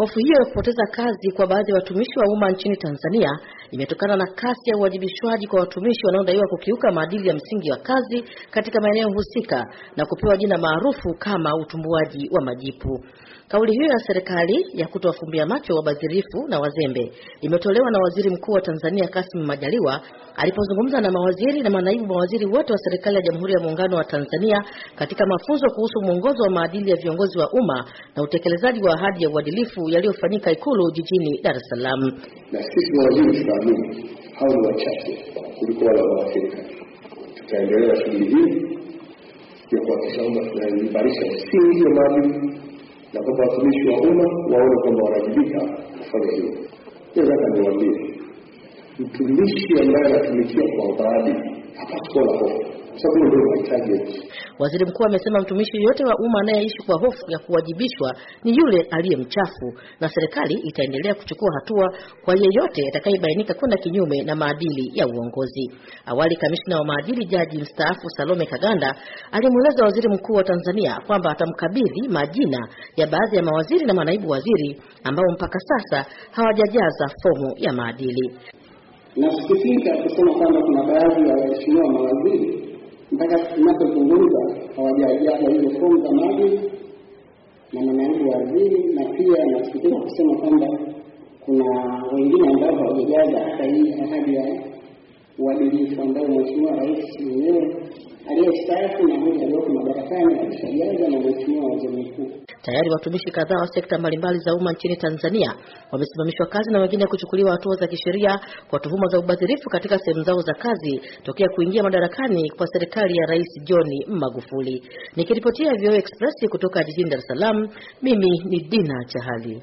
Hofu hiyo ya kupoteza kazi kwa baadhi ya watumishi wa umma nchini Tanzania imetokana na kasi ya uwajibishwaji kwa watumishi wanaodaiwa kukiuka maadili ya msingi wa kazi katika maeneo husika na kupewa jina maarufu kama utumbuaji wa majipu. Kauli hiyo ya serikali ya kutowafumbia macho wabadhirifu na wazembe imetolewa na Waziri Mkuu wa Tanzania Kassim Majaliwa alipozungumza na mawaziri na manaibu mawaziri wote wa serikali ya Jamhuri ya Muungano wa Tanzania katika mafunzo kuhusu mwongozo wa maadili ya viongozi wa umma na utekelezaji wa ahadi ya uadilifu yaliyofanyika Ikulu jijini Dar es Salaam. Na sisi mawaziri wengine. Hao ni wachache kuliko wale wanaoathirika. Tutaendelea shughuli hii ya kuhakikisha kwamba tunaimarisha msingi wa maadili na kwamba watumishi wa umma waone kwamba wanajibika kufanya hilo. Nataka niwambie mtumishi ambaye anatumikia kwa maadili hapaswi kuwa na hofu. Waziri mkuu amesema mtumishi yoyote wa umma anayeishi kwa hofu ya kuwajibishwa ni yule aliye mchafu, na serikali itaendelea kuchukua hatua kwa yeyote atakayebainika kwenda kinyume na maadili ya uongozi. Awali, kamishna wa maadili jaji mstaafu Salome Kaganda alimweleza waziri mkuu wa Tanzania kwamba atamkabidhi majina ya baadhi ya mawaziri na manaibu waziri ambao mpaka sasa hawajajaza fomu ya maadili. Nasikitika kusema kwamba kuna baadhi ya waheshimiwa mawaziri mpaka tunapozungumza hawajajaa iliofunza maji na manaibu waziri, na pia nasikitika kusema kwamba kuna wengine ambao hawajajaza hata hii ahadi ya uadilifu ambayo Mheshimiwa Rais mwenyewe aliyestaafu na huyu aliyoko madarakani alishajaza na Mheshimiwa Tayari watumishi kadhaa wa sekta mbalimbali za umma nchini Tanzania wamesimamishwa kazi na wengine kuchukuliwa hatua za kisheria kwa tuhuma za ubadhirifu katika sehemu zao za kazi tokea kuingia madarakani kwa serikali ya Rais John Magufuli. Nikiripotia VOA Express kutoka jijini Dar es Salaam, mimi ni Dina Chahali.